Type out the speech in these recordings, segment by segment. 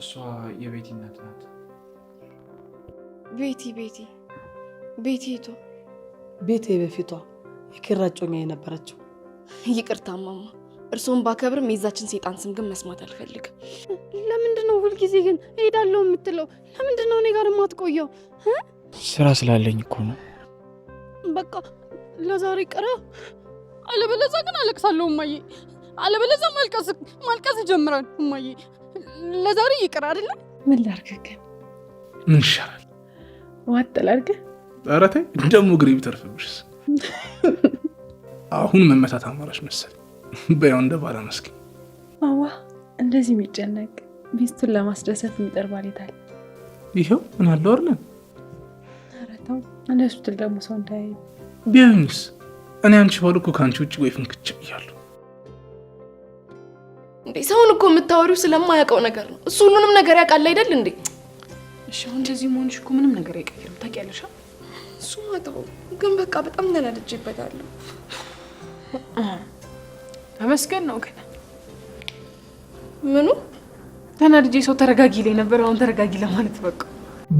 እሷ የቤቲ እናት ናት። ቤቲ ቤቲ ቶ ቤቴ በፊቷ የኪራጮኛ የነበረችው። ይቅርታ ማማ፣ እርስዎን ባከብርም የዛችን ሴጣን ስም ግን መስማት አልፈልግም። ለምንድን ነው ሁልጊዜ ግን እሄዳለሁ የምትለው? ለምንድን ነው እኔ ጋር የማትቆየው? ስራ ስላለኝ እኮ ነው። በቃ ለዛሬ ቀረ፣ አለበለዛ ግን አለቅሳለሁ እማዬ። አለበለዛ ማልቀስ ማልቀስ ይጀምራል እማዬ። ለዛሬ ይቅር አይደለም። ምን ላድርግ ግን ምን ይሻላል? ዋጥ ላድርግ። ኧረ ተይ ደግሞ እግሬ ቢተርፍብሽስ? አሁን መመታት አማራሽ መሰል። በያው እንደ ባለ መስኪን አዋ እንደዚህ የሚጨነቅ ሚስቱን ለማስደሰት የሚጠር ባል የታል? ይኸው ምን አለው አይደለም። ኧረ ተው እንደሱ ትል ደግሞ ሰው እንዳያይ ቢያዩኝስ? እኔ አንቺ ባል እኮ ከአንቺ ውጭ ወይ ፍንክች ብያለሁ። እንዴ ሰውን እኮ የምታወሪው ስለማያውቀው ነገር ነው። እሱ ሁሉንም ነገር ያውቃል አይደል እንዴ? እሺ አሁን እንደዚህ መሆንሽ እኮ ምንም ነገር አይቀይርም። ታውቂያለሽ። እሱ ማጥሩ ግን በቃ በጣም ተናድጄበታለሁ። ተመስገን ነው ግን ምኑ ተናድጄ ሰው ተረጋጊ ላይ ነበር። አሁን ተረጋጊ ለማለት በቃ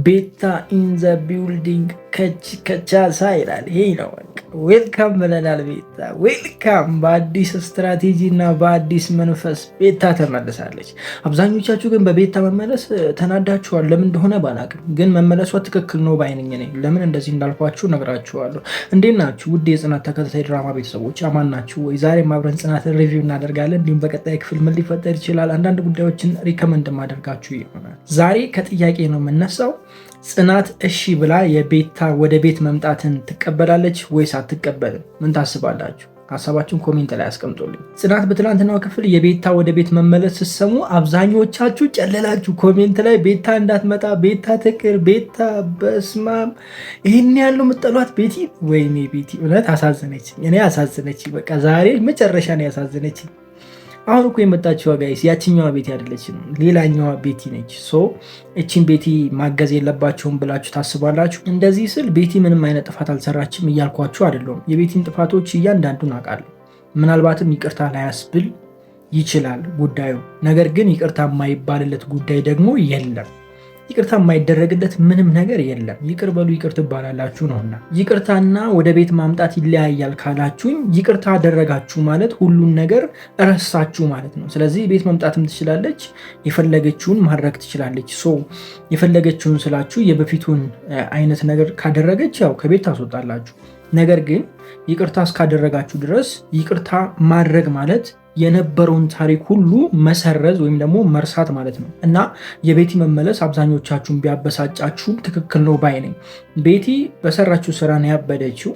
ቤታ ኢንዘ ቢውልዲንግ ከች ከቻሳ ይላል። ይሄ ነው ዌልካም ብለናል። ቤታ ዌልካም። በአዲስ ስትራቴጂ እና በአዲስ መንፈስ ቤታ ተመልሳለች። አብዛኞቻችሁ ግን በቤታ መመለስ ተናዳችኋል። ለምን እንደሆነ ባላቅም፣ ግን መመለሷ ትክክል ነው ባይነኝ ነኝ። ለምን እንደዚህ እንዳልኳችሁ ነግራችኋለሁ። እንዴት ናችሁ ውድ የጽናት ተከታታይ ድራማ ቤተሰቦች፣ አማን ናችሁ ወይ? ዛሬ አብረን ጽናትን ሪቪው እናደርጋለን። እንዲሁም በቀጣይ ክፍል ምን ሊፈጠር ይችላል አንዳንድ ጉዳዮችን ሪከመንድ ማደርጋችሁ ይሆናል። ዛሬ ከጥያቄ ነው የምነሳው ጽናት እሺ ብላ የቤታ ወደ ቤት መምጣትን ትቀበላለች ወይስ አትቀበልም? ምን ታስባላችሁ? ሀሳባችሁን ኮሜንት ላይ አስቀምጡልኝ። ጽናት በትናንትናው ክፍል የቤታ ወደ ቤት መመለስ ስትሰሙ አብዛኞቻችሁ ጨለላችሁ። ኮሜንት ላይ ቤታ እንዳትመጣ ቤታ ትቅር፣ ቤታ በስማም ይህን ያሉ ምጠሏት ቤቲ። ወይኔ ቤቲ እውነት አሳዘነች። እኔ አሳዘነች። በቃ ዛሬ መጨረሻ ነው ያሳዘነችኝ። አሁን እኮ የመጣችው ጋይስ ያችኛዋ ቤቲ አይደለችም፣ ሌላኛዋ ቤቲ ነች። ሶ እችን ቤቲ ማገዝ የለባቸውም ብላችሁ ታስባላችሁ። እንደዚህ ስል ቤቲ ምንም አይነት ጥፋት አልሰራችም እያልኳችሁ አይደለም። የቤቲን ጥፋቶች እያንዳንዱን አውቃለሁ። ምናልባትም ይቅርታ ላያስብል ይችላል ጉዳዩ። ነገር ግን ይቅርታ የማይባልለት ጉዳይ ደግሞ የለም። ይቅርታ የማይደረግለት ምንም ነገር የለም። ይቅር በሉ ይቅር ትባላላችሁ ነውና ይቅርታና ወደ ቤት ማምጣት ይለያያል ካላችሁኝ፣ ይቅርታ አደረጋችሁ ማለት ሁሉን ነገር እረሳችሁ ማለት ነው። ስለዚህ ቤት መምጣትም ትችላለች፣ የፈለገችውን ማድረግ ትችላለች። ሶ የፈለገችውን ስላችሁ የበፊቱን አይነት ነገር ካደረገች ያው ከቤት ታስወጣላችሁ። ነገር ግን ይቅርታ እስካደረጋችሁ ድረስ ይቅርታ ማድረግ ማለት የነበረውን ታሪክ ሁሉ መሰረዝ ወይም ደግሞ መርሳት ማለት ነው እና የቤቲ መመለስ አብዛኞቻችሁን ቢያበሳጫችሁ ትክክል ነው ባይ ነኝ። ቤቲ በሰራችው ስራ ነው ያበደችው።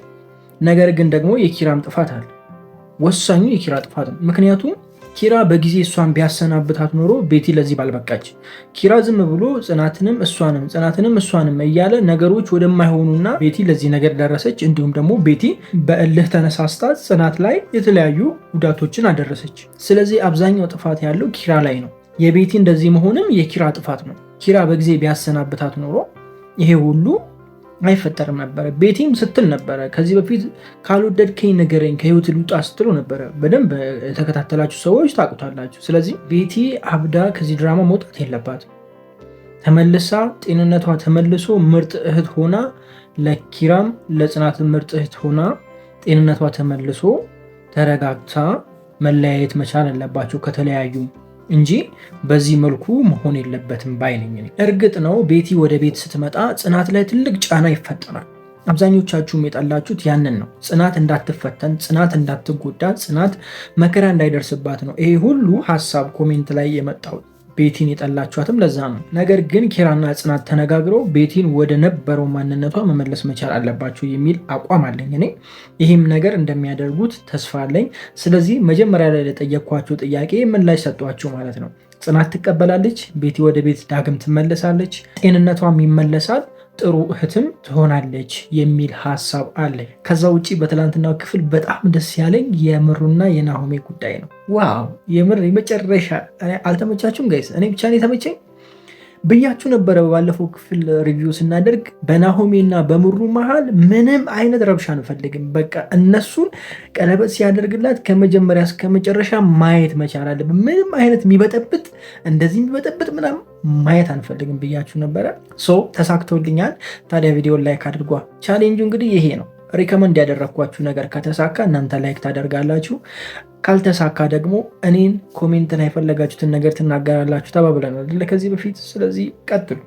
ነገር ግን ደግሞ የኪራም ጥፋት አለ። ወሳኙ የኪራ ጥፋት ነው። ምክንያቱም ኪራ በጊዜ እሷን ቢያሰናብታት ኖሮ ቤቲ ለዚህ ባልበቃች። ኪራ ዝም ብሎ ጽናትንም እሷንም ጽናትንም እሷንም እያለ ነገሮች ወደማይሆኑና ቤቲ ለዚህ ነገር ደረሰች። እንዲሁም ደግሞ ቤቲ በእልህ ተነሳስታ ጽናት ላይ የተለያዩ ጉዳቶችን አደረሰች። ስለዚህ አብዛኛው ጥፋት ያለው ኪራ ላይ ነው። የቤቲ እንደዚህ መሆንም የኪራ ጥፋት ነው። ኪራ በጊዜ ቢያሰናብታት ኖሮ ይሄ ሁሉ አይፈጠርም ነበረ። ቤቴም ስትል ነበረ ከዚህ በፊት ካልወደድከኝ ንገረኝ ከህይወት ልውጣ ስትሎ ነበረ። በደንብ የተከታተላችሁ ሰዎች ታውቁታላችሁ። ስለዚህ ቤቲ አብዳ ከዚህ ድራማ መውጣት የለባት። ተመልሳ ጤንነቷ ተመልሶ ምርጥ እህት ሆና ለኪራም ለጽናት ምርጥ እህት ሆና ጤንነቷ ተመልሶ ተረጋግታ መለያየት መቻል አለባቸው ከተለያዩ እንጂ በዚህ መልኩ መሆን የለበትም ባይ ነኝ። እርግጥ ነው ቤቲ ወደ ቤት ስትመጣ ጽናት ላይ ትልቅ ጫና ይፈጠራል። አብዛኞቻችሁም የጠላችሁት ያንን ነው። ጽናት እንዳትፈተን፣ ጽናት እንዳትጎዳ፣ ጽናት መከራ እንዳይደርስባት ነው ይሄ ሁሉ ሀሳብ ኮሜንት ላይ የመጣው። ቤቲን የጠላችኋትም ለዛ ነው። ነገር ግን ኪራና ጽናት ተነጋግረው ቤቲን ወደ ነበረው ማንነቷ መመለስ መቻል አለባቸው የሚል አቋም አለኝ እኔ። ይህም ነገር እንደሚያደርጉት ተስፋ አለኝ። ስለዚህ መጀመሪያ ላይ ለጠየኳቸው ጥያቄ ምላሽ ሰጧቸው ማለት ነው። ጽናት ትቀበላለች፣ ቤቲ ወደ ቤት ዳግም ትመለሳለች፣ ጤንነቷም ይመለሳል። ጥሩ እህትም ትሆናለች የሚል ሀሳብ አለ። ከዛ ውጭ በትላንትናው ክፍል በጣም ደስ ያለኝ የምሩና የናሆሜ ጉዳይ ነው። ዋው የምር የመጨረሻ አልተመቻችሁም ጋይስ? እኔ ብቻ ነው የተመቸኝ። ብያችሁ ነበረ ባለፈው ክፍል ሪቪው ስናደርግ በናሆሜ እና በምሩ መሃል ምንም አይነት ረብሻ አንፈልግም። በቃ እነሱን ቀለበት ሲያደርግላት ከመጀመሪያ እስከ መጨረሻ ማየት መቻል አለብን። ምንም አይነት የሚበጠብጥ እንደዚህ የሚበጠብጥ ምናምን ማየት አንፈልግም ብያችሁ ነበረ። ሶ ተሳክቶልኛል። ታዲያ ቪዲዮ ላይክ አድርጓ። ቻሌንጁ እንግዲህ ይሄ ነው። ሪከመንድ ያደረግኳችሁ ነገር ከተሳካ እናንተ ላይክ ታደርጋላችሁ፣ ካልተሳካ ደግሞ እኔን ኮሜንት ላይ የፈለጋችሁትን ነገር ትናገራላችሁ ተባብለናል ከዚህ በፊት። ስለዚህ ቀጥሉ፣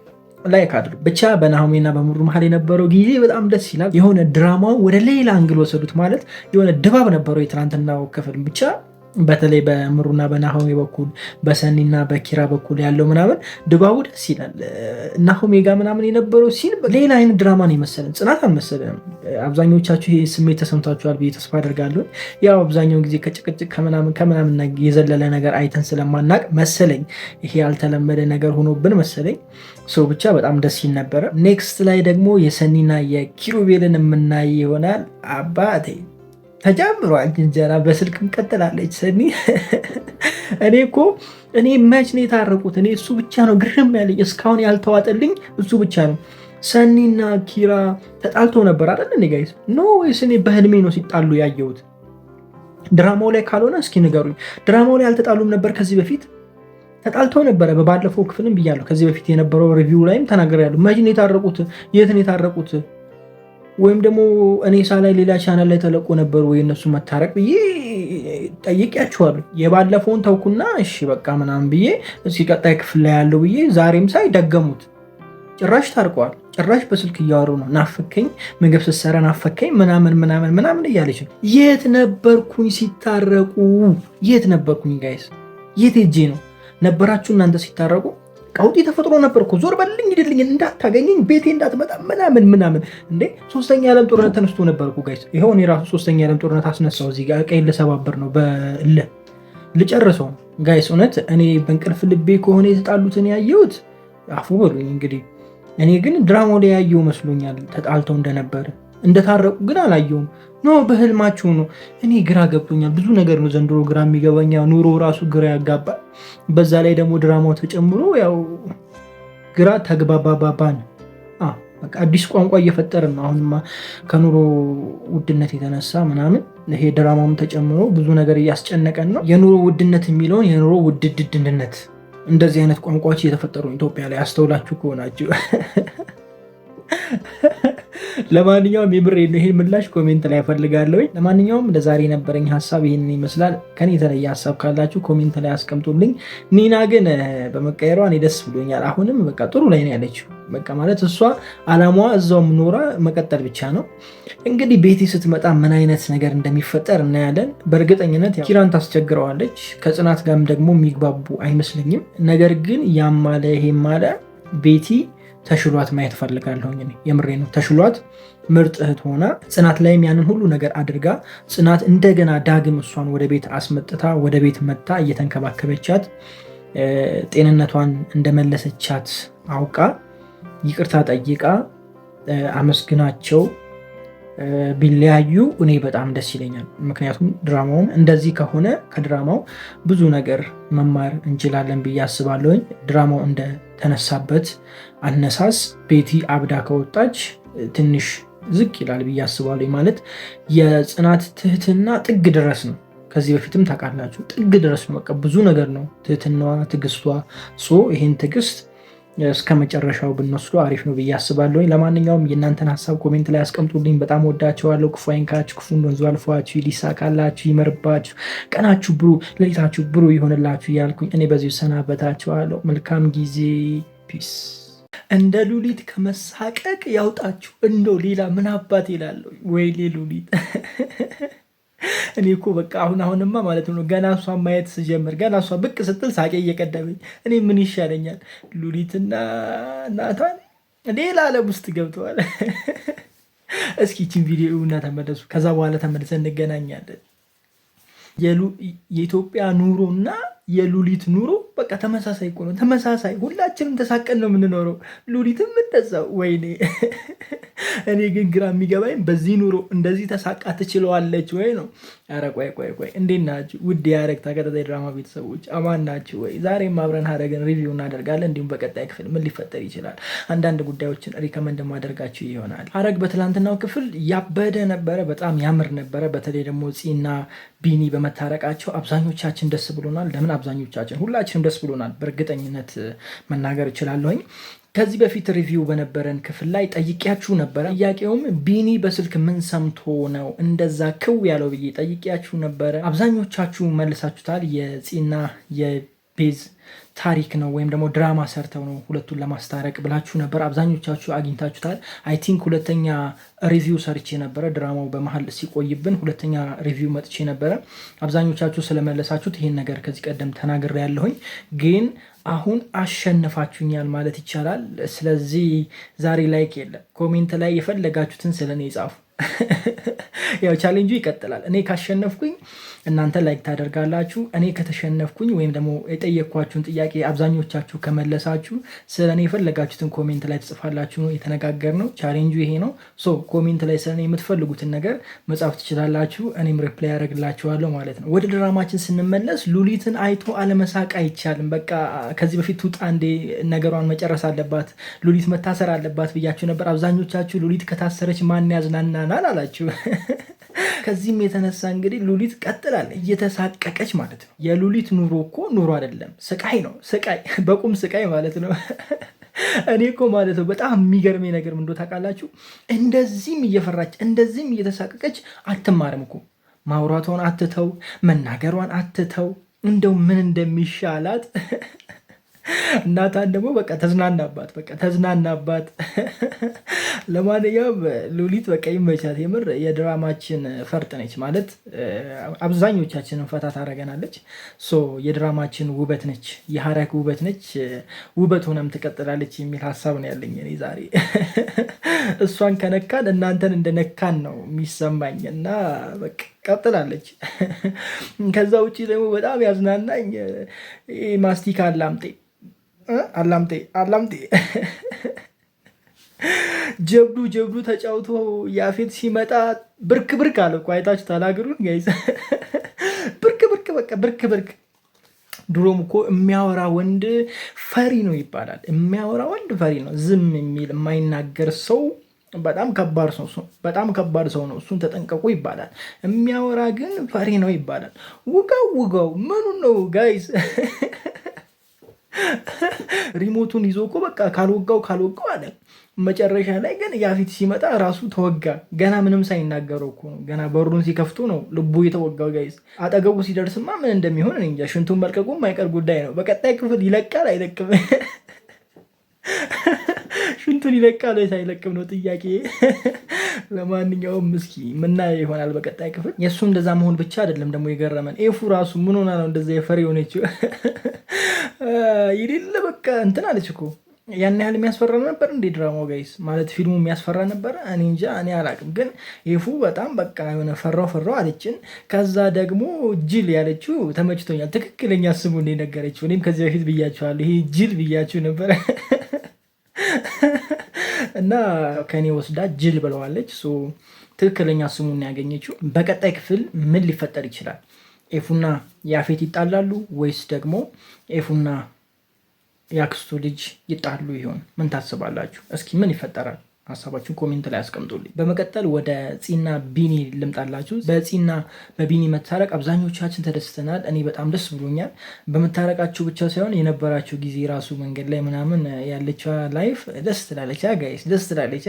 ላይክ አድሩ። ብቻ በናሆሜና በሙሩ መሀል የነበረው ጊዜ በጣም ደስ ይላል። የሆነ ድራማው ወደ ሌላ አንግል ወሰዱት ማለት የሆነ ድባብ ነበረው የትናንትናው ክፍል ብቻ በተለይ በምሩና በናሆሜ በኩል በሰኒና በኪራ በኩል ያለው ምናምን ድባቡ ደስ ይላል። ናሆሜ ጋ ምናምን የነበረው ሲን ሌላ አይነት ድራማ ነው የመሰለን፣ ጽናት አልመሰለንም። አብዛኞቻችሁ ይሄ ስሜት ተሰምቷችኋል ብዬ ተስፋ አደርጋለሁ። ያው አብዛኛውን ጊዜ ከጭቅጭቅ ከምናምን ከምናምን የዘለለ ነገር አይተን ስለማናቅ መሰለኝ ይሄ ያልተለመደ ነገር ሆኖብን መሰለኝ። ሰው ብቻ በጣም ደስ ይል ነበረ። ኔክስት ላይ ደግሞ የሰኒና የኪሩቤልን የምናይ ይሆናል አባቴ ተጀምሯል እንጀራ በስልክ እንቀጥላለች። ሰኒ እኔ እኮ እኔ መች ነው የታረቁት? እኔ እሱ ብቻ ነው ግርም ያለኝ እስካሁን ያልተዋጠልኝ እሱ ብቻ ነው። ሰኒና ኪራ ተጣልተው ነበር አይደል? እኔ ጋይስ ኖ ወይስ እኔ በህልሜ ነው ሲጣሉ ያየሁት? ድራማው ላይ ካልሆነ እስኪ ንገሩኝ። ድራማው ላይ አልተጣሉም ነበር ከዚህ በፊት ተጣልተው ነበረ። በባለፈው ክፍልም ብያለሁ። ከዚህ በፊት የነበረው ሪቪው ላይም ተናግሬያለሁ። መች ነው የታረቁት? የት ነው የታረቁት? ወይም ደግሞ እኔ ላይ ሌላ ቻናል ላይ ተለቆ ነበር ወይ እነሱ መታረቅ ብዬ ጠይቂያቸዋሉ። የባለፈውን ተውኩና እሺ በቃ ምናምን ብዬ እስኪ ቀጣይ ክፍል ላይ ያለው ብዬ ዛሬም ሳይ ደገሙት። ጭራሽ ታርቀዋል። ጭራሽ በስልክ እያወሩ ነው። ናፈከኝ፣ ምግብ ስትሰራ ናፈከኝ ምናምን ምናምን ምናምን እያለች ነው። የት ነበርኩኝ ሲታረቁ? የት ነበርኩኝ ጋይስ? የት ሄጄ ነው ነበራችሁ እናንተ ሲታረቁ? ቀውጢ ተፈጥሮ ነበር እኮ ዞር በልኝ ሂድልኝ፣ እንዳታገኘኝ፣ ቤቴ እንዳትመጣ ምናምን ምናምን። እንዴ ሶስተኛ የዓለም ጦርነት ተነስቶ ነበር እኮ ጋይስ። ይኸው እኔ ራሱ ሶስተኛ የዓለም ጦርነት አስነሳው እዚህ ጋር ቀይ ልሰባበር ነው በለ ልጨርሰው ጋይስ። እውነት እኔ በእንቅልፍ ልቤ ከሆነ የተጣሉትን ያየሁት አፉ በሉኝ እንግዲህ። እኔ ግን ድራማ ላይ ያየው መስሎኛል ተጣልተው እንደነበር እንደታረቁ ግን አላየውም። ኖ በህልማችሁ ነው። እኔ ግራ ገብቶኛል። ብዙ ነገር ነው ዘንድሮ ግራ የሚገባኛ። ኑሮ ራሱ ግራ ያጋባል። በዛ ላይ ደግሞ ድራማው ተጨምሮ ያው ግራ ተግባባባባን። አዲስ ቋንቋ እየፈጠርን ነው። አሁንማ ከኑሮ ውድነት የተነሳ ምናምን ይሄ ድራማውም ተጨምሮ ብዙ ነገር እያስጨነቀን ነው። የኑሮ ውድነት የሚለውን የኑሮ ውድድድነት እንደዚህ አይነት ቋንቋዎች እየተፈጠሩ ኢትዮጵያ ላይ አስተውላችሁ ከሆናችሁ ለማንኛውም የምሬ ነው። ይህን ምላሽ ኮሜንት ላይ ፈልጋለሁ። ለማንኛውም ለዛሬ የነበረኝ ሀሳብ ይህንን ይመስላል። ከኔ የተለየ ሀሳብ ካላችሁ ኮሜንት ላይ አስቀምጡልኝ። ኒና ግን በመቀየሯ እኔ ደስ ብሎኛል። አሁንም በቃ ጥሩ ላይ ነው ያለችው። በቃ ማለት እሷ አላማዋ እዛው ኖራ መቀጠል ብቻ ነው። እንግዲህ ቤቲ ስትመጣ ምን አይነት ነገር እንደሚፈጠር እናያለን። በእርግጠኝነት ኪራን ታስቸግረዋለች። ከጽናት ጋርም ደግሞ የሚግባቡ አይመስለኝም። ነገር ግን ያም አለ ይሄም አለ ቤቲ ተሽሏት ማየት እፈልጋለሁ። የምሬ ነው። ተሽሏት ምርጥ እህት ሆና ጽናት ላይም ያንን ሁሉ ነገር አድርጋ ጽናት እንደገና ዳግም እሷን ወደ ቤት አስመጥታ ወደ ቤት መጥታ እየተንከባከበቻት ጤንነቷን እንደመለሰቻት አውቃ ይቅርታ ጠይቃ አመስግናቸው ቢለያዩ እኔ በጣም ደስ ይለኛል። ምክንያቱም ድራማውን እንደዚህ ከሆነ ከድራማው ብዙ ነገር መማር እንችላለን ብዬ አስባለሁኝ። ድራማው እንደ የተነሳበት አነሳስ ቤቲ አብዳ ከወጣች ትንሽ ዝቅ ይላል ብዬ አስባለሁ። ማለት የጽናት ትህትና ጥግ ድረስ ነው። ከዚህ በፊትም ታውቃላችሁ፣ ጥግ ድረስ ነው። በቃ ብዙ ነገር ነው ትህትናዋ፣ ትዕግስቷ። ይህን ትግስት እስከ መጨረሻው ብንወስዱ አሪፍ ነው ብዬ አስባለሁኝ። ለማንኛውም የእናንተን ሀሳብ ኮሜንት ላይ አስቀምጡልኝ። በጣም ወዳቸዋለሁ። ክፉ አይንካችሁ፣ ክፉ እንደወንዙ አልፏችሁ፣ ይሳካላችሁ፣ ይመርባችሁ፣ ቀናችሁ ብሩ፣ ሌሊታችሁ ብሩ ይሆንላችሁ እያልኩኝ እኔ በዚሁ ሰናበታችኋለሁ። መልካም ጊዜ። ፒስ። እንደ ሉሊት ከመሳቀቅ ያውጣችሁ። እንደው ሌላ ምን አባት ይላለሁ ወይ ሌ ሉሊት እኔ እኮ በቃ አሁን አሁንማ ማለት ነው ገና እሷ ማየት ስጀምር ገና እሷ ብቅ ስትል ሳቄ እየቀደመኝ እኔ ምን ይሻለኛል? ሉሊትና ናታን ሌላ ዓለም ውስጥ ገብተዋል። እስኪ ይህችን ቪዲዮ እና ተመለሱ። ከዛ በኋላ ተመልሰ እንገናኛለን። የኢትዮጵያ ኑሮ እና የሉሊት ኑሮ በቃ ተመሳሳይ እኮ ነው። ተመሳሳይ ሁላችንም ተሳቀን ነው የምንኖረው። ሉሊትም እንደዛ። ወይኔ እኔ ግን ግራ የሚገባኝ በዚህ ኑሮ እንደዚህ ተሳቃ ትችለዋለች ወይ ነው። ኧረ ቆይ ቆይ ቆይ፣ እንዴት ናችሁ ውድ የሐረግ ተከታታይ ድራማ ቤተሰቦች፣ አማን ናችሁ ወይ? ዛሬም አብረን ሐረግን ሪቪው እናደርጋለን። እንዲሁም በቀጣይ ክፍል ምን ሊፈጠር ይችላል አንዳንድ ጉዳዮችን ሪከመንድ ማደርጋችሁ ይሆናል። ሐረግ በትላንትናው ክፍል ያበደ ነበረ፣ በጣም ያምር ነበረ። በተለይ ደግሞ ፂና ቢኒ በመታረቃቸው አብዛኞቻችን ደስ ብሎናል። ለምን አብዛኞቻችን? ሁላችንም ደስ ብሎናል፣ በእርግጠኝነት መናገር እችላለሁኝ። ከዚህ በፊት ሪቪው በነበረን ክፍል ላይ ጠይቂያችሁ ነበረ። ጥያቄውም ቢኒ በስልክ ምን ሰምቶ ነው እንደዛ ክው ያለው ብዬ ጠይቂያችሁ ነበረ። አብዛኞቻችሁ መልሳችሁታል። የፂና የቤዝ ታሪክ ነው ወይም ደግሞ ድራማ ሰርተው ነው ሁለቱን ለማስታረቅ ብላችሁ ነበር። አብዛኞቻችሁ አግኝታችሁታል። አይ ቲንክ ሁለተኛ ሪቪው ሰርቼ ነበረ። ድራማው በመሀል ሲቆይብን ሁለተኛ ሪቪው መጥቼ ነበረ። አብዛኞቻችሁ ስለመለሳችሁት ይሄን ነገር ከዚህ ቀደም ተናግሬ ያለሁኝ ግን አሁን አሸንፋችሁኛል ማለት ይቻላል። ስለዚህ ዛሬ ላይክ የለም፣ ኮሜንት ላይ የፈለጋችሁትን ስለ እኔ ጻፉ። ያው ቻሌንጁ ይቀጥላል። እኔ ካሸነፍኩኝ እናንተ ላይክ ታደርጋላችሁ። እኔ ከተሸነፍኩኝ ወይም ደግሞ የጠየኳችሁን ጥያቄ አብዛኞቻችሁ ከመለሳችሁ ስለ እኔ የፈለጋችሁትን ኮሜንት ላይ ትጽፋላችሁ። የተነጋገርነው ቻሌንጁ ይሄ ነው። ሶ ኮሜንት ላይ ስለ እኔ የምትፈልጉትን ነገር መጻፍ ትችላላችሁ። እኔም ሪፕላይ ያደርግላችኋለሁ ማለት ነው። ወደ ድራማችን ስንመለስ ሉሊትን አይቶ አለመሳቅ አይቻልም። በቃ ከዚህ በፊት ውጣ እንዴ ነገሯን መጨረስ አለባት፣ ሉሊት መታሰር አለባት ብያችሁ ነበር። አብዛኞቻችሁ ሉሊት ከታሰረች ማን ያዝናናናል አላችሁ። ከዚህም የተነሳ እንግዲህ ሉሊት ቀጥ ትላለ እየተሳቀቀች ማለት ነው። የሉሊት ኑሮ እኮ ኑሮ አይደለም፣ ስቃይ ነው። ስቃይ በቁም ስቃይ ማለት ነው። እኔ እኮ ማለት ነው በጣም የሚገርመኝ ነገር ምንዶ ታውቃላችሁ? እንደዚህም እየፈራች እንደዚህም እየተሳቀቀች አትማርም እኮ ማውራቷን አትተው፣ መናገሯን አትተው። እንደው ምን እንደሚሻላት እናታን ደግሞ በቃ ተዝናናባት በቃ ተዝናናባት። ለማንኛውም ሉሊት በቃ ይመቻት። የምር የድራማችን ፈርጥ ነች ማለት አብዛኞቻችንን ፈታ ታደርገናለች። ሶ የድራማችን ውበት ነች፣ የሀረክ ውበት ነች፣ ውበት ሆነም ትቀጥላለች የሚል ሀሳብ ነው ያለኝ እኔ ዛሬ። እሷን ከነካን እናንተን እንደነካን ነው የሚሰማኝ እና በቃ ቀጥላለች። ከዛ ውጭ ደግሞ በጣም ያዝናናኝ ማስቲካ አላምጤ አላምጤ አላምጤ ጀብዱ ጀብዱ ተጫውቶ ያፌት ሲመጣ ብርክ ብርክ አለ እኮ አይታችሁ ታላግሩን ጋይዝ ብርክ ብርክ በቃ ብርክ ብርክ። ድሮም እኮ የሚያወራ ወንድ ፈሪ ነው ይባላል። የሚያወራ ወንድ ፈሪ ነው። ዝም የሚል የማይናገር ሰው በጣም ከባድ ሰው በጣም ከባድ ሰው ነው። እሱን ተጠንቀቁ ይባላል። የሚያወራ ግን ፈሪ ነው ይባላል። ውጋው ውጋው ምኑ ነው ጋይስ? ሪሞቱን ይዞ እኮ በቃ ካልወጋው ካልወጋው አለ። መጨረሻ ላይ ግን ያፊት ሲመጣ ራሱ ተወጋ። ገና ምንም ሳይናገረው እኮ ነው። ገና በሩን ሲከፍቱ ነው ልቡ የተወጋው ጋይዝ። አጠገቡ ሲደርስማ ምን እንደሚሆን እንጃ። ሽንቱን መልቀቁ የማይቀር ጉዳይ ነው። በቀጣይ ክፍል ይለቃል አይለቅም? ሽንቱን ይለቃል ወይስ አይለቅም ነው ጥያቄ። ለማንኛውም እስኪ ምናየው ይሆናል በቀጣይ ክፍል። የእሱ እንደዛ መሆን ብቻ አይደለም ደግሞ የገረመን ኤፉ ራሱ ምን ሆና ነው እንደዛ የፈሪ የሆነችው? የሌለ በቃ እንትን አለች እኮ ያን ያህል የሚያስፈራ ነበር እንዴ ድራማ ጋይስ ማለት ፊልሙ የሚያስፈራ ነበር እኔ እንጃ እኔ አላቅም። ግን ኤፉ በጣም በቃ የሆነ ፈራው ፈራው አለችን። ከዛ ደግሞ ጅል ያለችው ተመችቶኛል። ትክክለኛ ስሙ የነገረችው እኔም ከዚህ በፊት ብያችኋለሁ። ይሄ ጅል ብያችሁ ነበር። እና ከኔ ወስዳ ጅል ብለዋለች። ትክክለኛ ስሙን ያገኘችው። በቀጣይ ክፍል ምን ሊፈጠር ይችላል? ኤፉና ያፌት ይጣላሉ ወይስ ደግሞ ኤፉና የአክስቱ ልጅ ይጣሉ ይሆን? ምን ታስባላችሁ? እስኪ ምን ይፈጠራል? ሀሳባችሁን ኮሜንት ላይ አስቀምጡልኝ። በመቀጠል ወደ ጺና ቢኒ ልምጣላችሁ። በጺና በቢኒ መታረቅ አብዛኞቻችን ተደስተናል። እኔ በጣም ደስ ብሎኛል። በመታረቃችሁ ብቻ ሳይሆን የነበራችሁ ጊዜ ራሱ መንገድ ላይ ምናምን ያለችዋ ላይፍ ደስ ትላለች፣ ጋይስ ደስ ትላለች።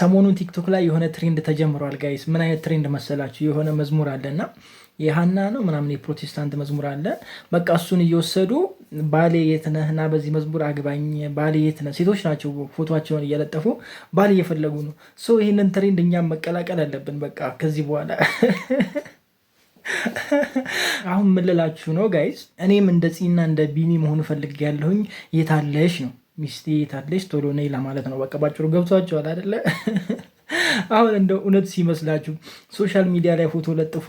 ሰሞኑን ቲክቶክ ላይ የሆነ ትሬንድ ተጀምሯል ጋይስ። ምን አይነት ትሬንድ መሰላችሁ? የሆነ መዝሙር አለና የሀና ነው ምናምን የፕሮቴስታንት መዝሙር አለ። በቃ እሱን እየወሰዱ ባሌ የት እና በዚህ መዝሙር አግባኝ ባሌ የት ሴቶች ናቸው ፎቶቸውን እየለጠፉ ባል እየፈለጉ ነው። ሰው ይህንን ትሬንድ እኛም መቀላቀል አለብን። በቃ ከዚህ በኋላ አሁን ምልላችሁ ነው ጋይዝ፣ እኔም እንደ ፂና እንደ ቢኒ መሆን ፈልግ ያለሁኝ የታለሽ ነው ሚስቴ የታለሽ ቶሎ ነይ ለማለት ነው። በቃ ባጭሩ ገብቷቸዋል አደለ? አሁን እንደ እውነት ሲመስላችሁ ሶሻል ሚዲያ ላይ ፎቶ ለጥፎ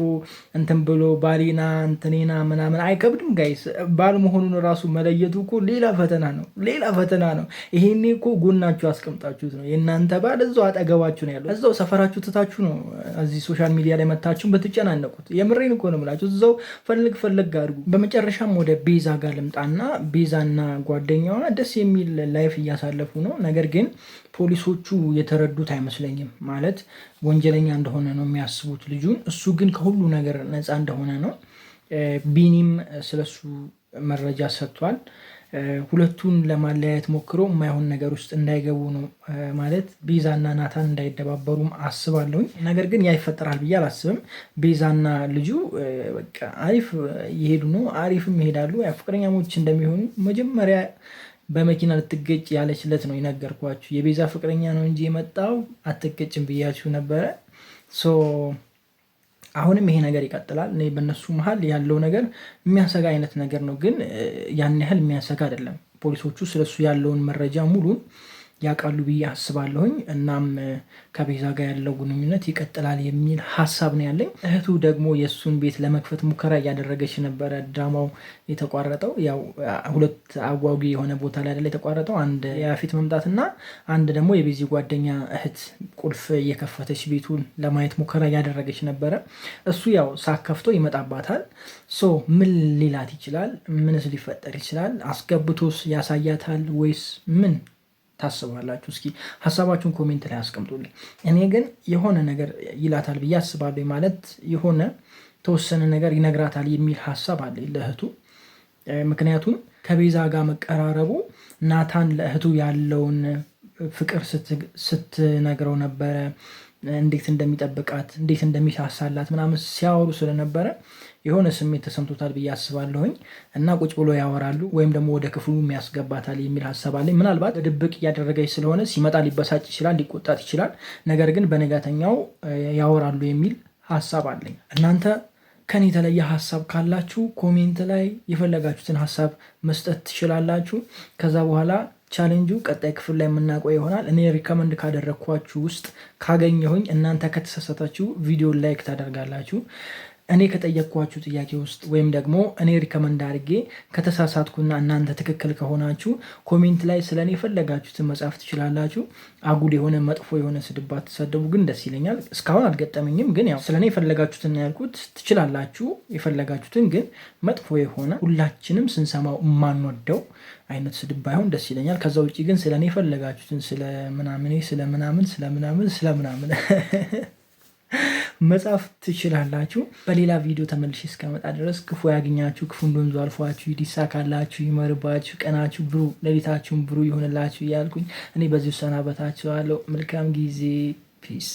እንትን ብሎ ባሌና እንትኔና ምናምን አይከብድም ጋይስ። ባል መሆኑን ራሱ መለየቱ እኮ ሌላ ፈተና ነው፣ ሌላ ፈተና ነው። ይሄኔ እኮ ጎናችሁ አስቀምጣችሁት ነው። የእናንተ ባል እዛው አጠገባችሁ ነው ያለው፣ እዛው ሰፈራችሁ ትታችሁ ነው እዚህ ሶሻል ሚዲያ ላይ መታችሁን በትጨናነቁት። የምሬን እኮ ነው የምላችሁ። እዛው ፈልግ ፈልግ አድርጉ። በመጨረሻም ወደ ቤዛ ጋር ልምጣና ቤዛና ጓደኛዋ ደስ የሚል ላይፍ እያሳለፉ ነው ነገር ግን ፖሊሶቹ የተረዱት አይመስለኝም። ማለት ወንጀለኛ እንደሆነ ነው የሚያስቡት ልጁን። እሱ ግን ከሁሉ ነገር ነፃ እንደሆነ ነው። ቢኒም ስለሱ መረጃ ሰጥቷል። ሁለቱን ለማለያየት ሞክሮ የማይሆን ነገር ውስጥ እንዳይገቡ ነው ማለት ቤዛና ናታን እንዳይደባበሩም አስባለሁኝ። ነገር ግን ያ ይፈጠራል ብዬ አላስብም። ቤዛና ልጁ አሪፍ ይሄዱ ነው፣ አሪፍም ይሄዳሉ። ፍቅረኛሞች እንደሚሆኑ መጀመሪያ በመኪና ልትገጭ ያለችለት ነው የነገርኳችሁ። የቤዛ ፍቅረኛ ነው እንጂ የመጣው አትገጭም ብያችሁ ነበረ። አሁንም ይሄ ነገር ይቀጥላል። እኔ በእነሱ መሀል ያለው ነገር የሚያሰጋ አይነት ነገር ነው፣ ግን ያን ያህል የሚያሰጋ አይደለም። ፖሊሶቹ ስለሱ ያለውን መረጃ ሙሉን ያውቃሉ ብዬ አስባለሁኝ። እናም ከቤዛ ጋር ያለው ግንኙነት ይቀጥላል የሚል ሀሳብ ነው ያለኝ። እህቱ ደግሞ የእሱን ቤት ለመክፈት ሙከራ እያደረገች ነበረ። ድራማው የተቋረጠው ያው ሁለት አጓጊ የሆነ ቦታ ላይ አይደለ የተቋረጠው፣ አንድ የፊት እና አንድ ደግሞ የቤዚ ጓደኛ እህት ቁልፍ እየከፈተች ቤቱን ለማየት ሙከራ እያደረገች ነበረ። እሱ ያው ሳከፍቶ ይመጣባታል። ሶ ምን ሊላት ይችላል? ምንስ ሊፈጠር ይችላል? አስገብቶስ ያሳያታል ወይስ ምን ታስባላችሁ? እስኪ ሀሳባችሁን ኮሜንት ላይ አስቀምጡልኝ። እኔ ግን የሆነ ነገር ይላታል ብዬ አስባለሁ። ማለት የሆነ ተወሰነ ነገር ይነግራታል የሚል ሀሳብ አለ ለእህቱ። ምክንያቱም ከቤዛ ጋር መቀራረቡ ናታን ለእህቱ ያለውን ፍቅር ስትነግረው ነበረ እንዴት እንደሚጠብቃት እንዴት እንደሚሳሳላት ምናምን ሲያወሩ ስለነበረ የሆነ ስሜት ተሰምቶታል ብዬ አስባለሁኝ እና ቁጭ ብሎ ያወራሉ ወይም ደግሞ ወደ ክፍሉ የሚያስገባታል የሚል ሀሳብ አለኝ። ምናልባት ድብቅ እያደረገች ስለሆነ ሲመጣ ሊበሳጭ ይችላል፣ ሊቆጣት ይችላል። ነገር ግን በነጋተኛው ያወራሉ የሚል ሀሳብ አለኝ። እናንተ ከኔ የተለየ ሀሳብ ካላችሁ ኮሜንት ላይ የፈለጋችሁትን ሀሳብ መስጠት ትችላላችሁ። ከዛ በኋላ ቻሌንጁ ቀጣይ ክፍል ላይ የምናውቀው ይሆናል። እኔ ሪከመንድ ካደረግኳችሁ ውስጥ ካገኘሁኝ እናንተ ከተሳሳታችሁ ቪዲዮ ላይክ ታደርጋላችሁ። እኔ ከጠየቅኳችሁ ጥያቄ ውስጥ ወይም ደግሞ እኔ ሪከመንድ አድርጌ ከተሳሳትኩና እናንተ ትክክል ከሆናችሁ ኮሜንት ላይ ስለ እኔ የፈለጋችሁትን መጻፍ ትችላላችሁ። አጉል የሆነ መጥፎ የሆነ ስድብ አትሰደቡ፣ ግን ደስ ይለኛል። እስካሁን አልገጠመኝም፣ ግን ያው ስለ እኔ የፈለጋችሁትን ያልኩት ትችላላችሁ። የፈለጋችሁትን ግን መጥፎ የሆነ ሁላችንም ስንሰማው የማንወደው አይነት ስድብ ባይሆን ደስ ይለኛል። ከዛ ውጭ ግን ስለ እኔ የፈለጋችሁትን ስለምናምን ስለምናምን ስለምናምን ስለምናምን መጻፍ ትችላላችሁ። በሌላ ቪዲዮ ተመልሼ እስከመጣ ድረስ ክፉ ያገኛችሁ፣ ክፉ እንደወንዙ አልፏችሁ፣ ይሳካላችሁ፣ ይመርባችሁ፣ ቀናችሁ ብሩ፣ ሌሊታችሁን ብሩ ይሆንላችሁ እያልኩኝ እኔ በዚሁ ሰናበታችኋለሁ። መልካም ጊዜ። ፒስ